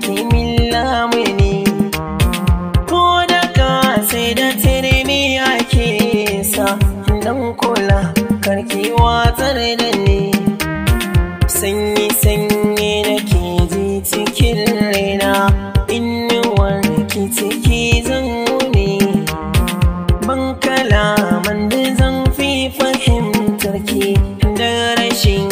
ki milla ko da ka sai da tirmi ake sa dan kula karki watsar da ni sanyi sanyi nake ji cikin raina in warki zan ne ban kalaman da zan fi fahimtar ki da rashin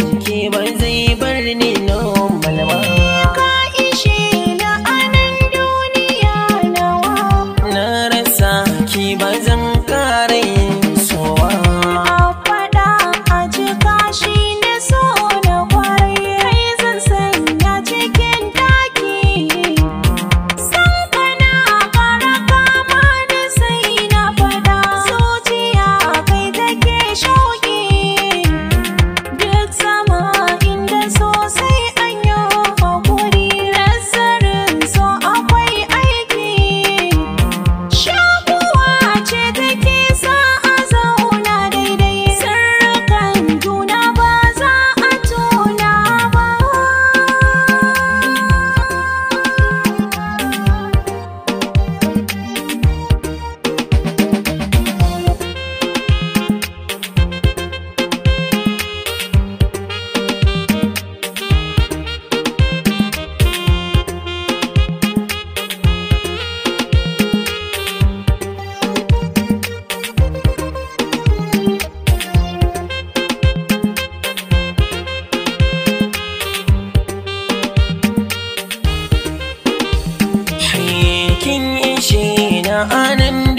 around and